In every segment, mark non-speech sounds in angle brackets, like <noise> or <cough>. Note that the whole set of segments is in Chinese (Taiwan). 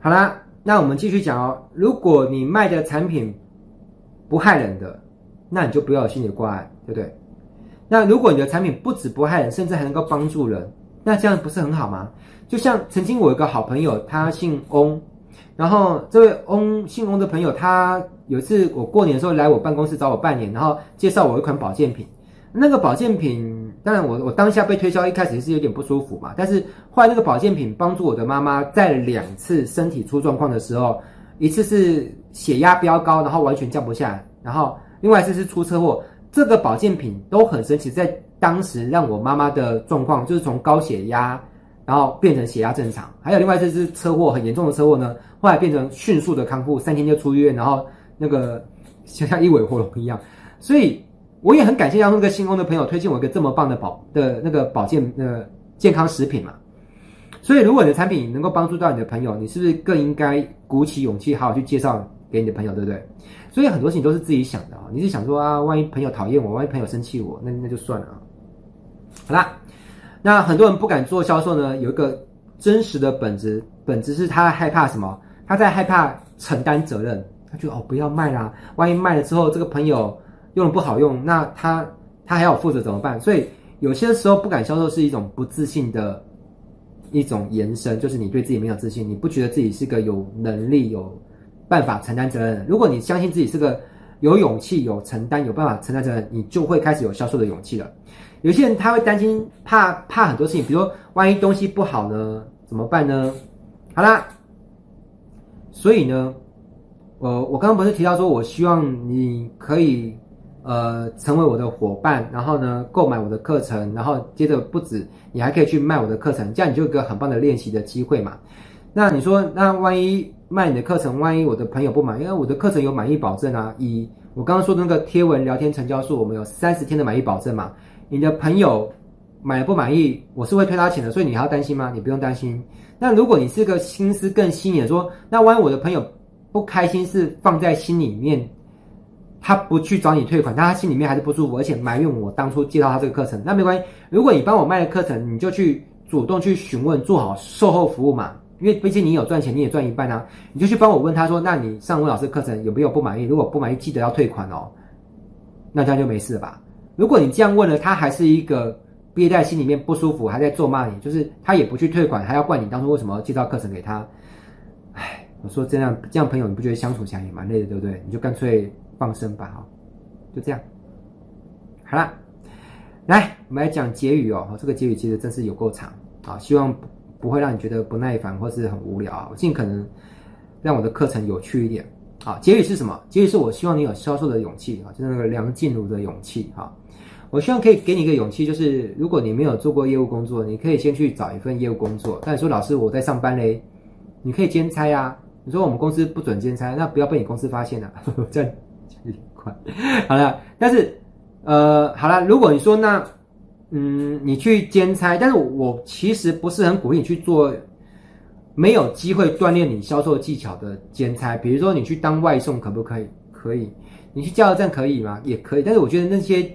好啦，那我們繼續講哦。如果你賣的產品不害人的，那你就不要有心理掛礙，對不對？那如果你的產品不止不害人，甚至還能夠幫助人，那這樣不是很好嗎？就像曾經我有個好朋友，他姓翁，然後這位翁姓翁的朋友，他有一次我過年的時候來我辦公室找我拜年，然後介紹我一款保健品，那個保健品。當然我，我我當下被推銷，一開始是有點不舒服嘛，但是後來那個保健品幫助我的媽媽在兩次身體出狀況的時候，一次是血壓飆高，然後完全降不下來；然後另外一次是出車禍，這個保健品都很神奇，在當時讓我媽媽的狀況就是從高血壓，然後變成血壓正常。還有另外一次是車禍很嚴重的車禍呢，後來變成迅速的康復，三天就出院，然後那個像像一尾活龍一樣，所以。我也很感謝讓那個新東的朋友推薦我一個這麼棒的保的那個保健呃、那個、健康食品嘛，所以如果你的產品能夠幫助到你的朋友，你是不是更應該鼓起勇氣好好去介紹給你的朋友，對不對？所以很多事情都是自己想的啊、哦，你是想說啊，萬一朋友討厭我，萬一朋友生氣我，那那就算了啊、哦。好啦，那很多人不敢做銷售呢，有一個真實的本質，本質是他害怕什麼？他在害怕承擔責任，他覺得哦不要賣啦，萬一賣了之後這個朋友。用了不好用，那他他還要負責怎麼辦？所以有些時候不敢銷售是一種不自信的，一種延伸，就是你對自己沒有自信，你不覺得自己是個有能力、有辦法承擔責任。如果你相信自己是個有勇氣、有承擔、有辦法承擔責任，你就會開始有銷售的勇氣了。有些人他會擔心，怕怕很多事情，比如說萬一東西不好呢，怎麼辦呢？好啦，所以呢，呃，我剛剛不是提到說我希望你可以。呃，成為我的夥伴，然後呢，購買我的課程，然後接着不止，你還可以去賣我的課程，這樣你就有個很棒的練習的機會嘛。那你說，那萬一賣你的課程，萬一我的朋友不滿意，因為我的課程有滿意保證啊，以我剛剛說的那個貼文聊天成交數，我們有三十天的滿意保證嘛。你的朋友買不滿意，我是會退他錢的，所以你還要擔心嗎？你不用擔心。那如果你是個心思更細膩的，說那萬一我的朋友不開心，是放在心裡面。他不去找你退款，但他，他心裡面還是不舒服，而且埋怨我當初介紹他這個課程。那沒關係，如果你幫我賣了課程，你就去主動去詢問做好售後服務嘛。因為畢竟你有賺錢，你也賺一半啊。你就去幫我問他說：“那你上文老師課程有沒有不滿意？如果不滿意，記得要退款哦。”那這樣就沒事了吧？如果你這樣問了，他還是一個憋在心裡面不舒服，還在咒罵你，就是他也不去退款，還要怪你當初為什麼要介紹課程給他。唉，我說這樣這樣朋友，你不覺得相處起來也蠻累的，對不對？你就乾脆。放生吧，好，就這樣，好了，來，我們來講結語哦。這個結語其實真是有夠長啊，希望不會讓你覺得不耐煩或是很無聊。我儘可能讓我的課程有趣一點啊。結語是什麼？結語是我希望你有銷售的勇氣啊，就是那個梁靜茹的勇氣。我希望可以給你一個勇氣，就是如果你沒有做過業務工作，你可以先去找一份業務工作。但你說老師我在上班嘞，你可以兼差啊。你說我們公司不准兼差，那不要被你公司發現了啊， <laughs> 這樣。 <laughs> 好啦，但是，呃，好啦，如果你說那，嗯，你去兼差，但是我其實不是很鼓勵你去做沒有機會鍛鍊你銷售技巧的兼差。比如說你去當外送，可不可以？可以，你去加油站可以嗎？也可以。但是我覺得那些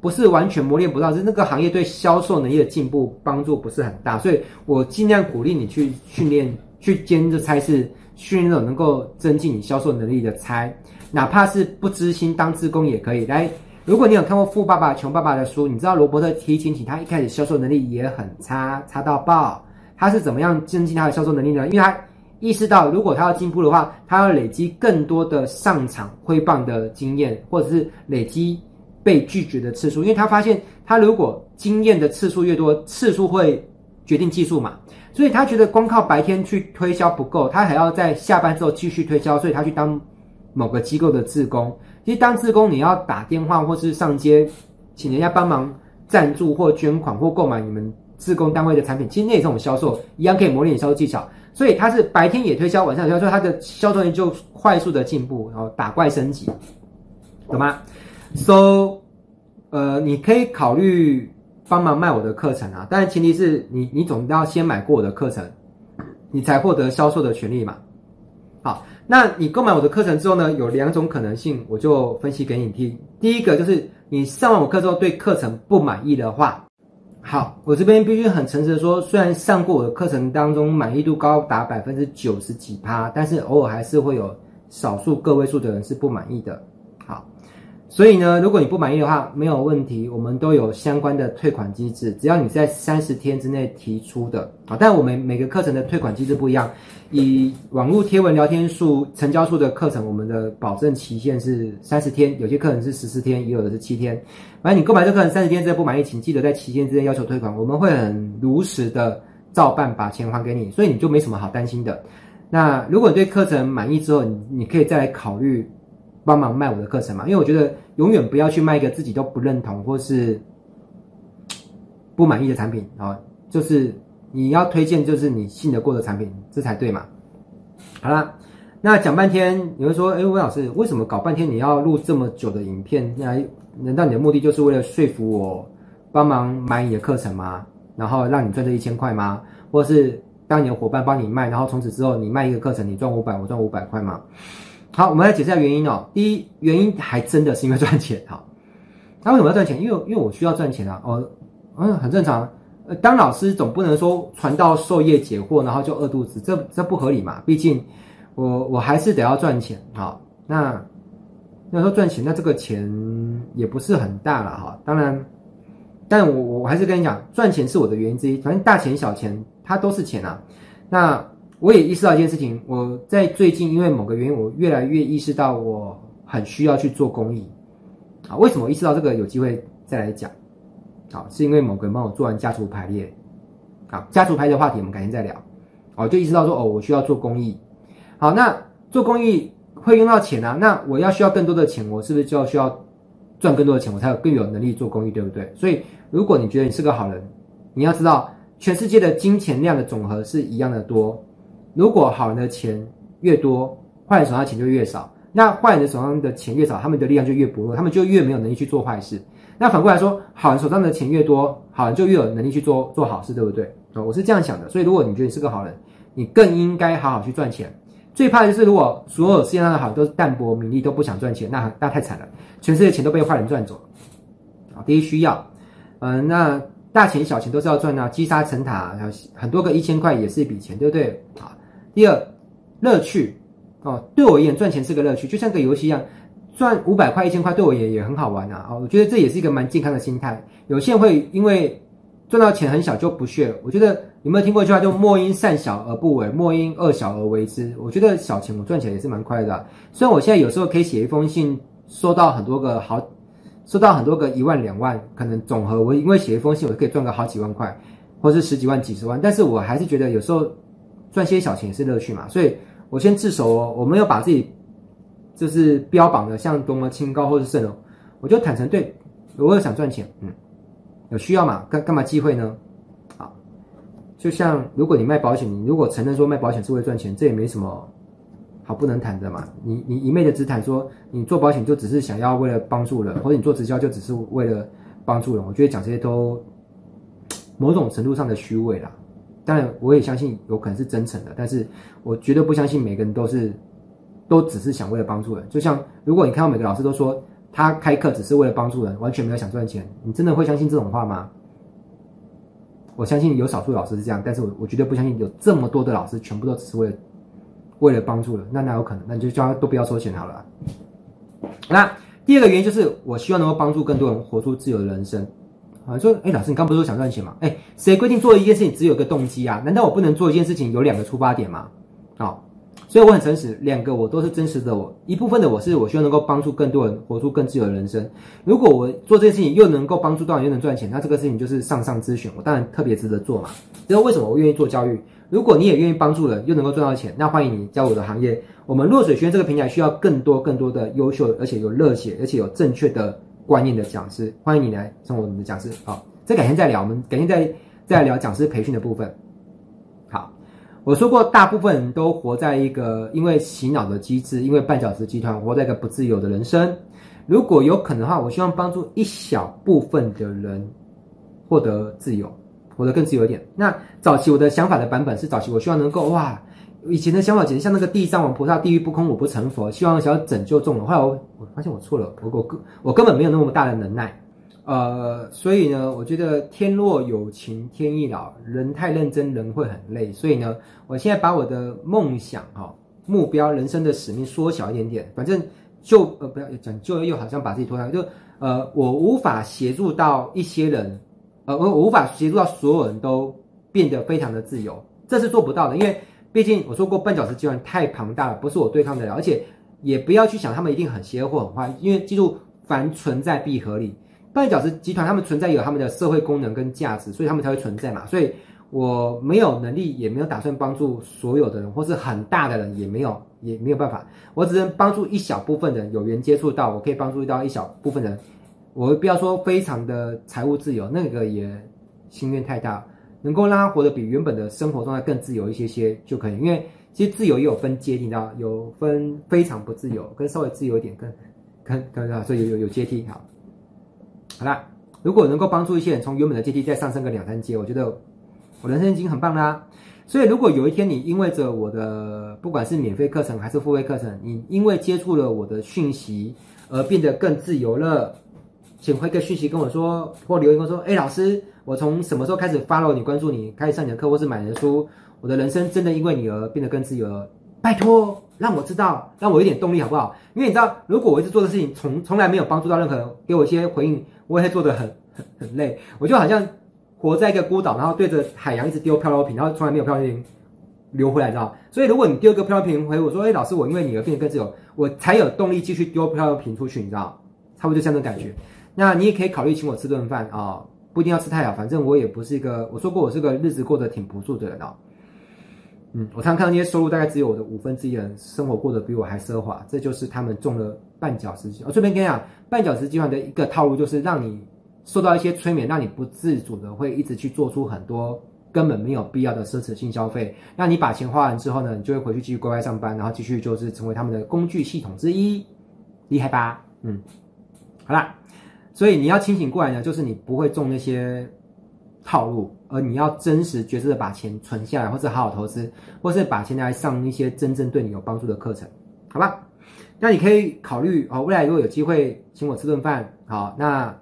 不是完全磨練不到，就是那個行業對銷售能力的進步幫助不是很大，所以我盡量鼓勵你去訓練，去兼這差事，訓練那種能夠增進你銷售能力的差。哪怕是不知心當志工，也可以來。如果你有看過《富爸爸窮爸爸》的書，你知道羅伯特·清崎，他一開始銷售能力也很差，差到爆。他是怎麼樣增進他的銷售能力呢？因為他意識到，如果他要進步的話，他要累積更多的上場揮棒的經驗，或者是累積被拒絕的次數。因為他發現，他如果經驗的次數越多，次數會決定技術嘛。所以他覺得光靠白天去推銷不夠，他還要在下班之後繼續推銷。所以他去當。某個機構的志工，其實當志工，你要打電話或是上街，請人家幫忙贊助或捐款或購買你們志工單位的產品，其實那也是我們銷售，一樣可以磨練銷售技巧。所以他是白天也推銷，晚上也銷售，他的銷售就快速的進步，然後打怪升級，懂嗎？So，呃，你可以考慮幫忙賣我的課程啊，但是前提是你你總要先買過我的課程，你才獲得銷售的權利嘛。好，那你購買我的課程之後呢，有兩種可能性，我就分析給你聽。第一個就是你上完我課之後對課程不滿意的話，好，我這邊必須很誠實的說，雖然上過我的課程當中滿意度高達百分之九十幾趴，但是偶爾還是會有少數個位數的人是不滿意的。所以呢，如果你不滿意的話，沒有問題，我們都有相關的退款機製，只要你在三十天之內提出的啊，但我們每個課程的退款機製不一樣，以網絡貼文聊天數成交數的課程，我們的保證期限是三十天，有些課程是十四天，也有的是七天。反正你購買這課程三十天之內不滿意，請記得在期限之內要求退款，我們會很如實的照辦，把錢還給你，所以你就沒什麼好擔心的。那如果你對課程滿意之後，你你可以再來考慮幫忙賣我的課程嘛？因為我覺得永遠不要去賣一個自己都不認同或是不滿意的產品啊！就是你要推薦，就是你信得過的產品，這才對嘛。好啦，那講半天，你會說，哎、欸，溫老師，為什麼搞半天你要錄這麼久的影片？來，難道你的目的就是為了說服我幫忙買你的課程嗎？然後讓你賺這一千塊嗎？或是當你的夥伴幫你賣，然後從此之後你賣一個課程，你賺五百，我賺五百塊嗎？好，我們來解釋一下原因哦。第一原因還真的是因為賺錢哈。那、哦啊、為什麼要賺錢？因為因為我需要賺錢啊。哦，嗯，很正常。呃、當老師總不能說傳道授業解惑，然後就餓肚子，這這不合理嘛。畢竟我我還是得要賺錢哈、哦。那要說賺錢，那這個錢也不是很大了哈、哦。當然，但我我還是跟你講，賺錢是我的原因之一。反正大錢小錢，它都是錢啊。那我也意識到一件事情，我在最近因為某個原因，我越來越意識到我很需要去做公益啊。為什麼意識到這個有機會再來講？好，是因為某個人幫我做完家族排列，啊，家族排列的話題我們改天再聊。哦，就意識到說，哦，我需要做公益。好，那做公益會用到錢啊，那我要需要更多的錢，我是不是就要需要賺更多的錢，我才有更有能力做公益，對不對？所以，如果你覺得你是個好人，你要知道，全世界的金錢量的總和是一樣的多。如果好人的錢越多，壞人手上的錢就越少。那壞人手上的錢越少，他們的力量就越薄弱，他們就越沒有能力去做壞事。那反過來說，好人手上的錢越多，好人就越有能力去做做好事，對不對？啊、哦，我是這樣想的。所以，如果你覺得你是個好人，你更應該好好去賺錢。最怕就是，如果所有世界上的好人都是淡泊名利，都不想賺錢，那那太慘了。全世界的錢都被壞人賺走了。好，第一需要，嗯、呃，那大錢小錢都是要賺的、啊，積沙成塔，很多個一千塊也是一筆錢，對不對？啊。第二，樂趣哦，對我而言，賺錢是個樂趣，就像個遊戲一樣，賺五百塊、一千塊，對我也也很好玩啊！啊、哦，我覺得這也是一個蠻健康的心態。有些人會因為賺到錢很小就不屑，我覺得有沒有聽過一句話，就“莫因善小而不為，莫因惡小而為之”。我覺得小錢我賺起來也是蠻快的、啊，雖然我現在有時候可以寫一封信，收到很多個好，收到很多個一萬、兩萬，可能總和我因為寫一封信，我可以賺個好幾萬塊，或者是十幾萬、幾十萬，但是我還是覺得有時候。賺些小錢也是樂趣嘛，所以我先自首喔。我沒有把自己就是標榜的像多麼清高或者聖人喔，我就坦誠，對，我也想賺錢，嗯，有需要嘛，幹幹嘛忌諱呢？好，就像如果你賣保險，你如果承認說賣保險是為了賺錢，這也沒什麼好不能談的嘛。你你一味的只談說你做保險就只是想要為了幫助人，或者你做直銷就只是為了幫助人，我覺得講這些都某種程度上的虛偽啦。當然，我也相信有可能是真誠的，但是，我絕對不相信每個人都是，都只是想為了幫助人。就像如果你看到每個老師都說他開課只是為了幫助人，完全沒有想賺錢，你真的會相信這種話嗎？我相信有少數老師是這樣，但是我，我絕對不相信有這麼多的老師全部都只是為了為了幫助人。那那有可能，那你就叫他都不要收錢好了。那第二個原因就是，我希望能夠幫助更多人活出自由的人生。啊，說，哎，老師，你剛不是說想賺錢嗎？哎，誰規定做一件事情只有一個動機啊？難道我不能做一件事情有兩個出發點嗎？啊、哦，所以我很誠實，兩個我都是真實的我，我一部分的我是我希望能夠幫助更多人活出更自由的人生。如果我做這件事情又能夠幫助到人又能賺錢，那這個事情就是上上之選，我當然特別值得做嘛。知道為什麼我願意做教育？如果你也願意幫助人又能夠賺到錢，那歡迎你加入我的行業。我們落水軒這個平台需要更多更多的優秀而且有熱血而且有正確的，觀念的講師，歡迎你來成為我們的講師。好，這改天再聊，我們改天再再聊講師培訓的部分。好，我說過，大部分人都活在一個因為洗腦的機制，因為半小時集團，活在一個不自由的人生。如果有可能的話，我希望幫助一小部分的人獲得自由，活得更自由一點。那早期我的想法的版本是，早期我希望能夠哇。以前的想法簡直像那個地藏王菩薩，地獄不空，我不成佛。希望想要拯救眾人，後來我我發現我錯了，不過我，我根本沒有那麼大的能耐，呃，所以呢，我覺得天若有情天亦老，人太認真人會很累。所以呢，我現在把我的夢想哈、哦、目標人生的使命縮小一點點，反正就呃不要拯救，又好像把自己拖下來，就呃我無法協助到一些人，呃我無法協助到所有人都變得非常的自由，這是做不到的，因為。畢竟我說過，絆腳石集團太龐大了，不是我對抗得了，而且也不要去想他們一定很邪惡或很壞，因為記住，凡存在必合理。絆腳石集團他們存在有他們的社會功能跟價值，所以他們才會存在嘛。所以我沒有能力，也沒有打算幫助所有的人，或是很大的人，也沒有也沒有辦法。我只能幫助一小部分人，有緣接觸到，我可以幫助到一小部分人。我不要說非常的財務自由，那個也心願太大。能夠讓他活得比原本的生活狀態更自由一些些就可以，因為其實自由也有分階梯，你知道有分非常不自由，跟稍微自由一點，跟跟跟，知道、啊、所以有有有階梯，好，好了。如果能夠幫助一些人從原本的階梯再上升個兩三階，我覺得我人生已經很棒啦、啊。所以如果有一天你因為着我的不管是免費課程還是付費課程，你因為接觸了我的訊息而變得更自由了，請回個訊息跟我說，或留言跟我說，哎、欸，老師。我從什麼時候開始 follow 你、關注你、開始上你的課或是買你的書？我的人生真的因為你而變得更自由了。拜托，讓我知道，讓我有點動力好不好？因為你知道，如果我一直做的事情從從來沒有幫助到任何人，給我一些回應，我也會做得很很很累。我就好像活在一個孤島，然後對着海洋一直丟漂流瓶，然後從來沒有漂流瓶流回來，你知道。所以如果你丟一個漂流瓶回我說，誒、哎、老師，我因為你而變得更自由，我才有動力繼續丟漂流瓶出去，你知道？差不多就這種感覺。那你也可以考慮請我吃頓飯啊。哦不一定要吃太好，反正我也不是一個。我說過，我是個日子過得挺不錯的人哦、喔。嗯，我常看到那些收入大概只有我的五分之一的人，生活過得比我還奢華。這就是他們中了絆腳石。我這邊跟你講，絆腳石計劃的一個套路就是讓你受到一些催眠，讓你不自主的會一直去做出很多根本沒有必要的奢侈性消費。那你把錢花完之後呢，你就會回去繼續乖乖上班，然後繼續就是成為他們的工具系統之一，厲害吧？嗯，好啦。所以你要清醒過來呢，就是你不會中那些套路，而你要真實、覺知的把錢存下來，或者好好投資，或是把錢拿來上一些真正對你有幫助的課程，好吧？那你可以考慮哦，未來如果有機會請我吃頓飯，好，那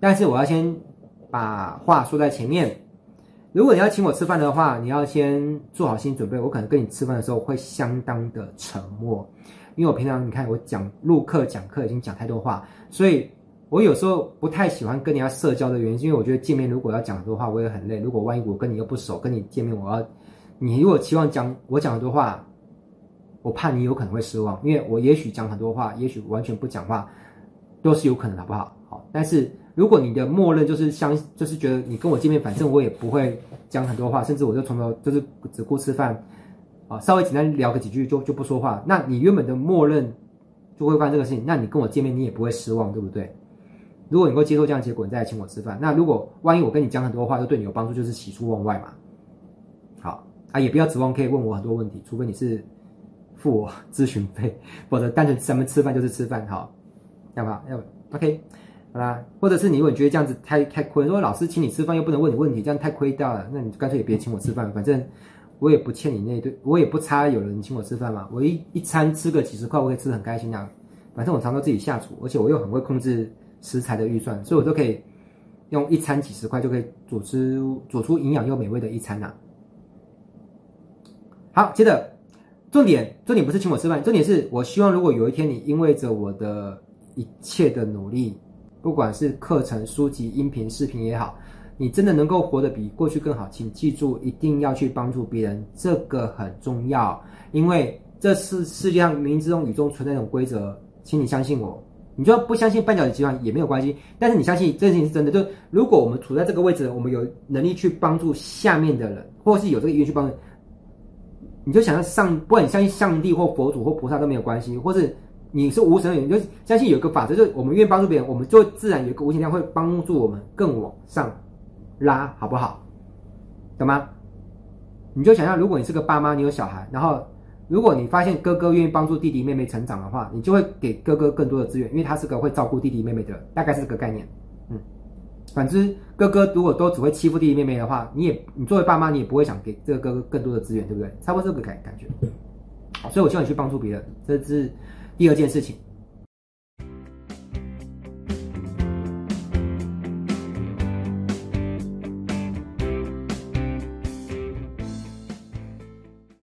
但是我要先把話說在前面，如果你要請我吃飯的話，你要先做好心理準備，我可能跟你吃飯的時候會相當的沉默，因為我平常你看我講錄課、講課已經講太多話，所以。我有時候不太喜歡跟人家社交的原因是因為我覺得見面如果要講很多話，我也很累。如果萬一我跟你又不熟，跟你見面，我要你如果期望講我講很多話，我怕你有可能會失望，因為我也許講很多話，也許完全不講話都是有可能，好不好？好，但是如果你的默認就是相，就是覺得你跟我見面，反正我也不會講很多話，甚至我就從頭就是只顧吃飯啊，稍微簡單聊個幾句就就不說話，那你原本的默認就會犯這個事情，那你跟我見面你也不會失望，對不對？如果你能夠接受這樣結果，你再來請我吃飯。那如果萬一我跟你講很多話，就對你有幫助，就是喜出望外嘛。好啊，也不要指望可以問我很多問題，除非你是付我諮詢費，否則單純咱們吃飯就是吃飯。好，要不好，要不，OK，好啦。或者是你如果你覺得這樣子太太虧，如果老師請你吃飯又不能問你問題，這樣太虧大了，那你乾脆也別請我吃飯，反正我也不欠你那一頓，我也不差有人請我吃飯嘛。我一一餐吃個幾十塊，我可以吃得很開心啊。反正我常常自己下廚，而且我又很會控制。食材的預算，所以我都可以用一餐幾十塊就可以煮出煮出營養又美味的一餐啊。好，接着重點，重點不是請我吃飯，重點是我希望如果有一天你因為着我的一切的努力，不管是課程、書籍、音頻、視頻也好，你真的能夠活得比過去更好，請記住一定要去幫助別人，這個很重要，因為這是世界上冥冥之中、宇宙存在一種規則，請你相信我。你就算不相信半角的集團也沒有關係，但是你相信這件事情是真的。就如果我們處在這個位置，我們有能力去幫助下面的人，或是有這個意願去幫，你就想要上，不管你相信上帝或佛祖或菩薩都沒有關係，或是你是無神論，你就相信有一個法則，就我們願意幫助別人，我們就自然有一個無形量會幫助我們更往上拉，好不好？懂嗎？你就想象，如果你是個爸媽，你有小孩，然後。如果你發現哥哥願意幫助弟弟妹妹成長的話，你就會給哥哥更多的資源，因為他是個會照顧弟弟妹妹的，大概是這個概念。嗯，反之，哥哥如果都只會欺負弟弟妹妹的話，你也你作為爸媽，你也不會想給這個哥哥更多的資源，對不對？差不多這個感感覺。所以，我希望你去幫助別人，這是第二件事情。